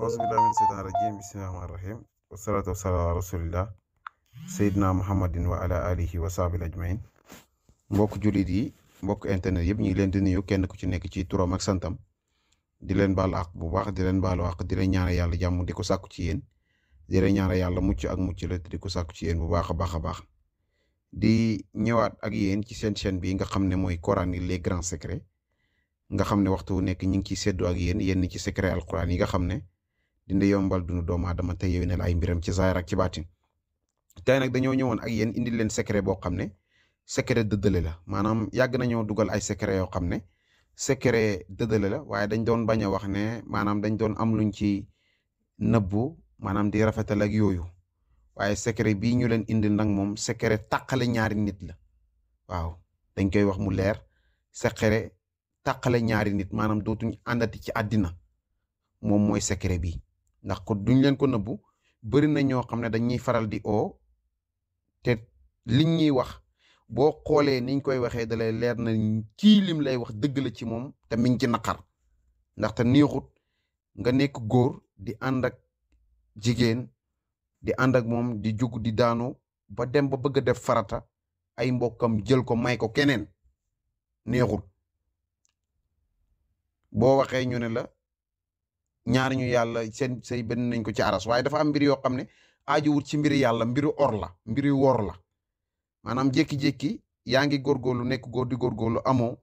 auzu billahi min seytaan rajim bismillahi rahmaani rahim wasalaatu wasalaamu ala rasulillah seydina muhammadin wa ala alihi ajmain mbokk jullit yi mbokk internet yëpp ñu ngi leen di kenn ku ci nekk ci turam ak santam di leen baal àq bu baax di leen baalu àq di leen ñaanal yàlla jàmm di ko sàkku ci yéen di leen ñaanal yàlla mucc ak mucc la di ko sàkku ci yéen bu baax a baax a baax di ñëwaat ak yéen ci seen chaîne bi nga xam ne mooy Coranique les grands secrets nga xam ne waxtu wu nekk ñu ngi ciy séddoo ak yéen yenn ci secret alquran xam ne dina yombal dunu doomu aadama te yewenal ay mbiram ci zaahir ak ci baatin tey nag dañoo ñëwoon ak yéen indi leen secret boo xam ne secret dëddale la maanaam yàgg nañoo dugal ay secret yo xam ne secret dëddale la waaye dañ doon bañ a wax ne maanaam dañ doon am luñ ci nëbbu maanaam di rafetal ak yooyu waaye secret bii ñu leen indi nag moom secret tàqale ñaari nit la waaw dañ koy wax mu leer secret tàqale ñaari nit maanaam dootuñ àndati ci àddina moom mooy secret bi ndax ko duñ leen ko nëbbu bëri na hmm. ñoo xam ne dañuy faral di oo te liñ ñuy wax boo xoolee hmm. niñ koy waxee dalay leer na kii lim lay wax dëgg la ci moom te mi ngi ci naqar ndaxte neexut nga nekk góor di ànd ak jigéen di ànd ak moom di jug di daanu ba dem ba bëgg a def farata ay mbokkam jël ko may ko keneen neexul boo waxee ñu ne la ñaar ñu yàlla seen say benn nañ ko ci aras waaye dafa am mbir yoo xam ne aajuwut ci mbiri yàlla mbiru or la mbiri wor la maanaam jékki yaa ngi góorgóorlu nekk góor di góorgóorlu amoo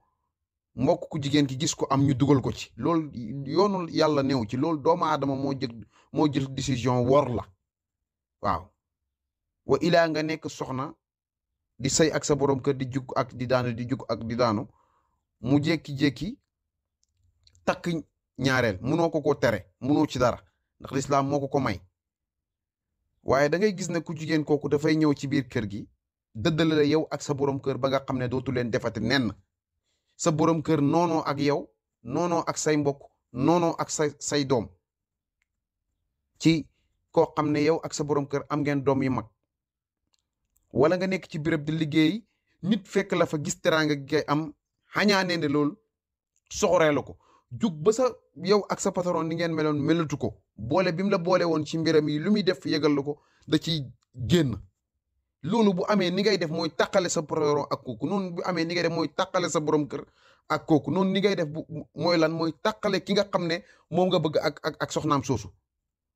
mbokk ku jigéen ki gis ko am ñu dugal ko ci loolu yoonul yàlla néew ci loolu doomu aadama moo jël moo jël décision wor la waaw wa nga nekk soxna di sëy ak sa borom kër di jug ak di daanu di jug ak di daanu mu jékki-jékki takk ñaareel munoo ko ko tere munoo ci dara ndax lislaam moo ko ko may waaye dangay gis ne ku jigéen kooku dafay ñëw ci biir kër gi dëddale la yow ak sa borom kër ba nga xam ne dootu leen defati na sa borom kër noonoo ak yow noonoo ak say mbokk noonoo ak say say doom ci koo xam ne yow ak sa borom kër am ngeen doom yu mag wala nga nekk ci béréb di liggéey nit fekk la fa gis teraanga gi am xañaanee ne loolu soxoree ko jug ba sa yow ak sa patron ni ngeen meloon melatu ko boole bi mu la boole woon ci mbiram yi lu muy def yëgal la ko da ciy génn loolu bu amee ni ngay def mooy taqale sa patron ak kooku noonu bu amee ni ngay def mooy taqale sa borom kër ak kooku noonu ni ngay def bu mooy lan mooy taqale ki nga xam ne moom nga bëgg ak ak ak soxnaam soosu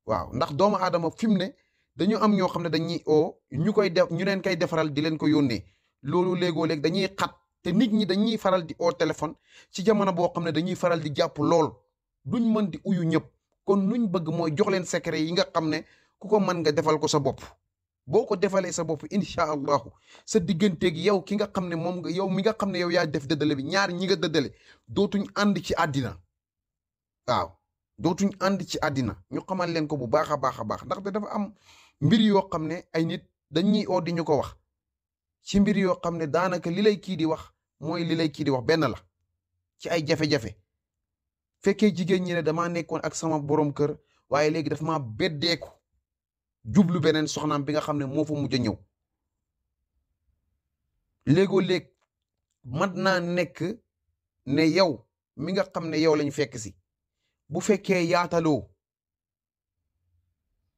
waaw ndax doomu aadama fi mu ne dañu am ñoo xam ne dañuy oo ñu koy def ñu leen koy defaral di leen ko yónnee loolu léegoo léeg dañuy xat te nit ñi dañuy faral di au téléphone ci jamono boo xam ne dañuy faral di jàpp lool duñ mën di uyu ñëpp kon luñ bëgg mooy jox leen secret yi nga xam ne ku ko mën nga defal ko sa bopp. boo ko defalee sa bopp incha allahu sa digganteeg yow ki nga xam ne moom nga yow mi nga xam ne yow yaa def dëddale bi ñaar ñi nga dëddale dootuñ ànd ci àddina waaw dootuñ ànd ci àddina ñu xamal leen ko bu baax a baax a baax ndaxte dafa am mbir yoo xam ne ay nit dañuy oo ko wax ci mbir yoo xam ne daanaka li lay kii di wax mooy mm-hmm. li lay kii di wax benn la ci ay jafe-jafe fekkee jigéen ñi ne damaa nekkoon ak sama boroom kër waaye léegi daf maa beddeeku jublu beneen soxnaam bi nga xam ne moo fa mujj a ñëw léegoo léeg mat naa nekk ne yow mi nga xam ne yow lañ fekk si bu fekkee yaataloo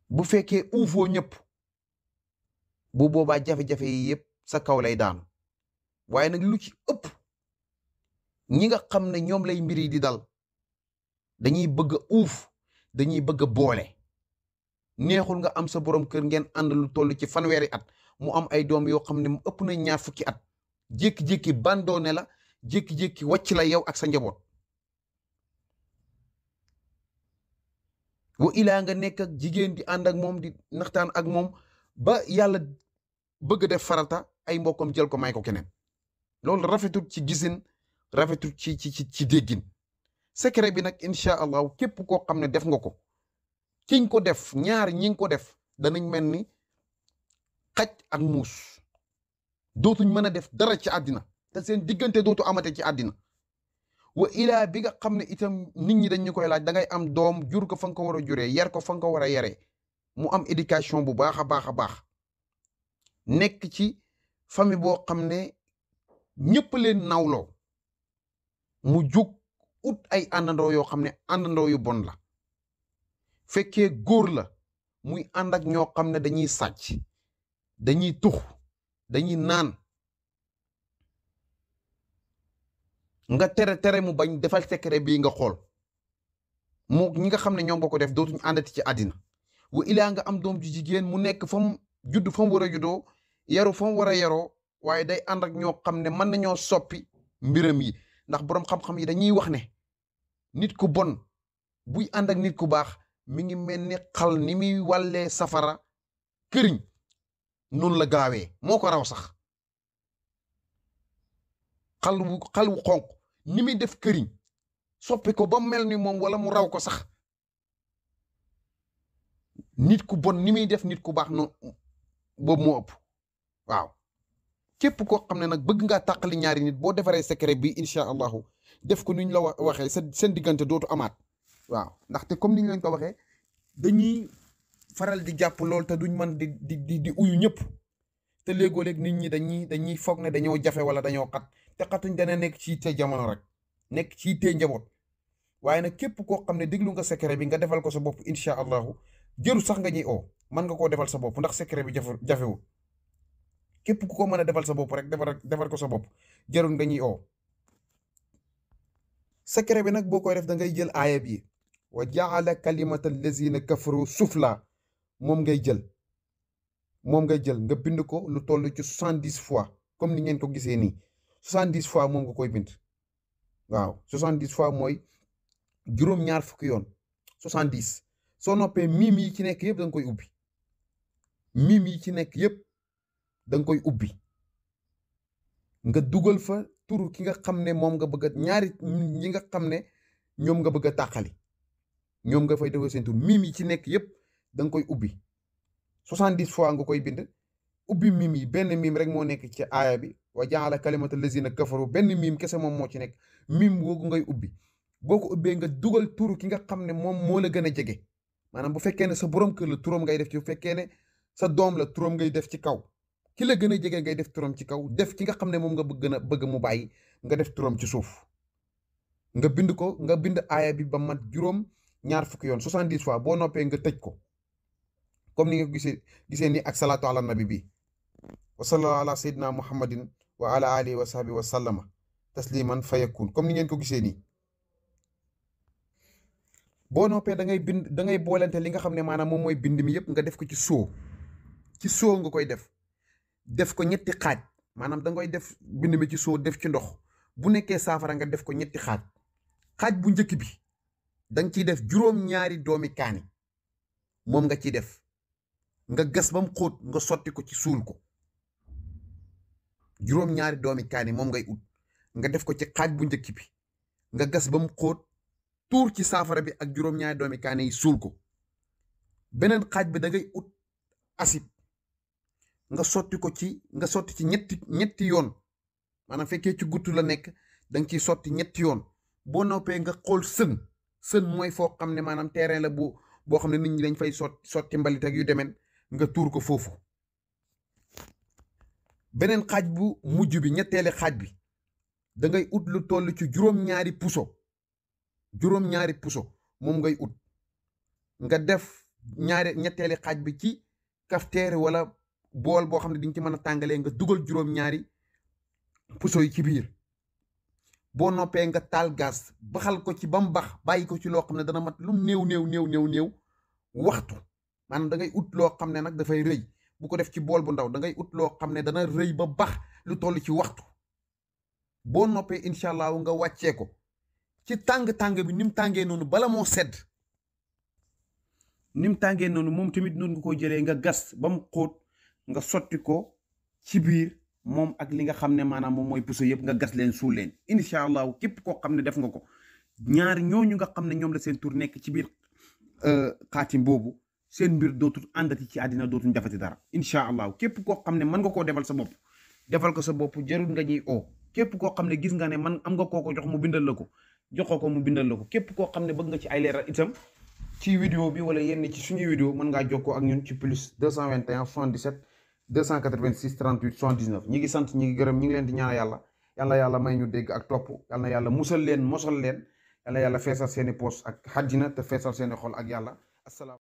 bu fekkee uufoo ñëpp bu boobaa jafe-jafe yi yëpp sa kaw lay daanu waaye nag lu ci ëpp ñi nga xam ne ñoom lay mbir yi di dal dañuy bëgg uuf dañuy bëgg boole neexul nga am sa boroom kër ngeen ànd lu toll ci fanweeri at mu am ay doom yoo xam ne mu ëpp na ñaar fukki at jékki-jékki bandoone la jékki-jékki wàcc la yow ak sa njaboot. wa ilaa nga nekk ak jigéen di ànd ak moom di ndaxtaan ak moom ba yàlla bëgg def farata ay mbokkam jël ko may ko keneen. loolu rafetul ci gisin rafetul ci ci ci ci déggin secret bi nag incha allahu képp koo xam ne def nga ko kiñ ko def ñaar ñi ko def danañ mel ni xaj ak muus dootuñ mën a def dara ci àddina te seen diggante dootu amate ci àddina wa ilaa bi nga xam ne itam nit ñi dañ koy laaj da ngay am doom jur ko fa ko war a juree yar ko fa nga ko war a yaree mu am éducation bu baax a baax a baax nekk ci famille boo xam ne ñëpp leen nawloo mu jug ut ay àndandoo yoo xam ne àndandoo yu bon la fekkee góor la muy ànd ak ñoo xam ne dañuy sàcc dañuy tux dañuy naan nga tere tere mu bañ defal secret bii nga xool mu ñi nga xam ne ñoom boo ko def dootuñ àndati ci àddina wa ilaa nga am doom ju jigéen mu nekk fa mu judd fa war a juddoo yaru fa war a yaroo waaye day ànd ak ñoo xam ne mën nañoo soppi mbiram yi ndax boroom xam-xam yi dañuy wax ne nit ku bon buy ànd ak nit ku baax mi ngi mel ni xal ni muy wàllee safara këriñ noonu la gaawee moo ko raw sax xal wu xonq ni muy def këriñ soppi ko ba mel ni moom wala mu raw ko sax nit ku bon ni muy def nit ku baax noonu boobu moo ëpp waaw képp koo xam ne nag bëgg ngaa tàqali ñaari nit boo defaree secret bi incha allahu def ko ni ñu la waxee sa seen diggante dootu amaat waaw ndaxte comme ni ñu leen ko waxee dañuy faral di jàpp lool te duñ mën di di di di uyu ñëpp te léegoo-léeg nit ñi dañuy dañuy foog ne dañoo jafe wala dañoo xat te xatuñ dana nekk ci te jamono rek nekk ci te njaboot waaye nag képp koo xam ne déglu nga secret bi nga defal ko sa bopp incha allahu jëru sax nga ñuy oo mën nga koo defal sa bopp ndax secret bi jafe jafewul képp ku ko mën a defal sa bopp rek defar defar ko sa bopp jarul nga ñuy oo secret bi nag boo koy def da ngay jël aaya bi wa jaala kalimata allazina kafaru sufla moom ngay jël moom ngay jël nga bind ko lu toll ci soixante dix fois comme ni ngeen ko gisee nii soixante dix fois moom nga koy bind waaw soixante dix fois mooy juróom-ñaar fukki yoon soixante dix soo noppee miim yi ci nekk yëpp da koy ubbi miim yi ci nekk yëpp da nga koy ubbi nga dugal fa turu ki nga xam ne moom nga bëgg a ñaari ñi nga xam ne ñoom nga bëgg a tàqali ñoom nga fay defal seen tur mim ci nekk yëpp da nga koy ubbi soixante-dix fois nga koy bind ubbi mim yi benn mim rek moo nekk ci aaya bi wa jaala kalimata lazina kafaru benn mim kese moom moo ci nekk mim googu ngay ubbi boo ko ubbee nga dugal turu ki nga xam ne moom moo la gën a jege maanaam bu fekkee ne sa borom kër la turam ngay def ci bu fekkee ne sa doom la turam ngay def ci kaw ki la jaga a ngay def turam ci kaw def ki nga xamné mom nga bëgg na bëgg mu bayyi nga def turam ci suuf nga bind ko nga bind aya bi ba mat juróom ñaar fukk yoon 70 fois bo noppé nga tejj ko comme ni nga gisee gisee ni ak salatu ala nabi bi wa sallallahu ala sayyidina muhammadin wa ala alihi wa sahbihi wa sallama tasliman fayakun comme ni ngeen ko gisee ni bo noppé da ngay bind da ngay boolente li nga xamné manam mom moy bind mi yépp nga def ko ci so ci so nga koy def def ko ñetti xaaj maanaam dangay def bind mi ci soo def ci ndox bu nekkee saafara nga def ko ñetti xaaj xaaj bu njëkk bi da nga ciy def juróom-ñaari doomi kaani moom nga ciy def nga gas ba mu xóot nga sotti ko ci suul ko juróom-ñaari doomi kaani moom ngay ut nga def ko ci xaaj bu njëkk bi nga gas ba mu xóot tuur ci saafara bi ak juróom-ñaari doomi kaani yi suul ko beneen xaaj bi dangay ut asib nga sotti ko ci nga sotti ci ñetti ñetti yoon maanaam fekkee ci gutt la nekk danga nga ciy sotti ñetti yoon boo noppee nga xool sën sën mooy foo xam ne maanaam tere la bu boo xam ne nit ñi dañ fay sotti sotti mbalit ak yu demeen nga tuur ko foofu beneen xaaj bu mujj bi ñetteele xaaj bi dangay ut lu toll ci juróom-ñaari puso juróom-ñaari puso moom ngay ut nga def ñaari ñetteeli xaaj bi ci kafteer wala bool boo xam ne di nga ci mën a tàngalee nga dugal juróom-ñaari puso yi ci biir boo noppee nga taal gas baxal ko ci ba mu bax bàyyi ko ci loo xam ne dana mat lu mu néew néew néew néew waxtu maanaam dangay ut loo xam ne nag dafay rëy bu ko def ci bool bu ndaw dangay ut loo xam ne dana rëy ba bax lu toll ci waxtu boo noppee incha allah nga wàccee ko ci tàng-tàng bi ni mu tàngee noonu bala moo sedd ni mu tàngee noonu moom tamit noonu nga ko jëlee nga gas ba mu xóot nga sotti ko ci biir mom ak li nga xamne manam mom moy pousse puso nga gas len sou len inshallah kep ko xamne def nga ko ñaar ñooñu nga xamne ñom la sen tour nek ci biir euh, xaatim bobu sen mbir dootul andati ci adina dootuñ jafati dara inshallah kep ko xamne man nga ko defal sa bop defal ko sa bop jarul nga ñi o kep ko xamne gis nga ne man am nga koko jox mu bindal lako ko ko mu bindal kep ko xamne bëgg nga ci ay leeral itam ci video bi wala yenn ci suñu vidéo mën ak ñun ci plus 221 77 286 38 79 ñi ngi sant ñi ngi gërëm ñi ngi leen di ñaan yàlla yàlla yàlla may ñu dégg ak topp yàlla yàlla musal leen mosal leen yàlla yàlla feesal seeni poos ak xajjina te feesal seeni xol ak yàlla asalaam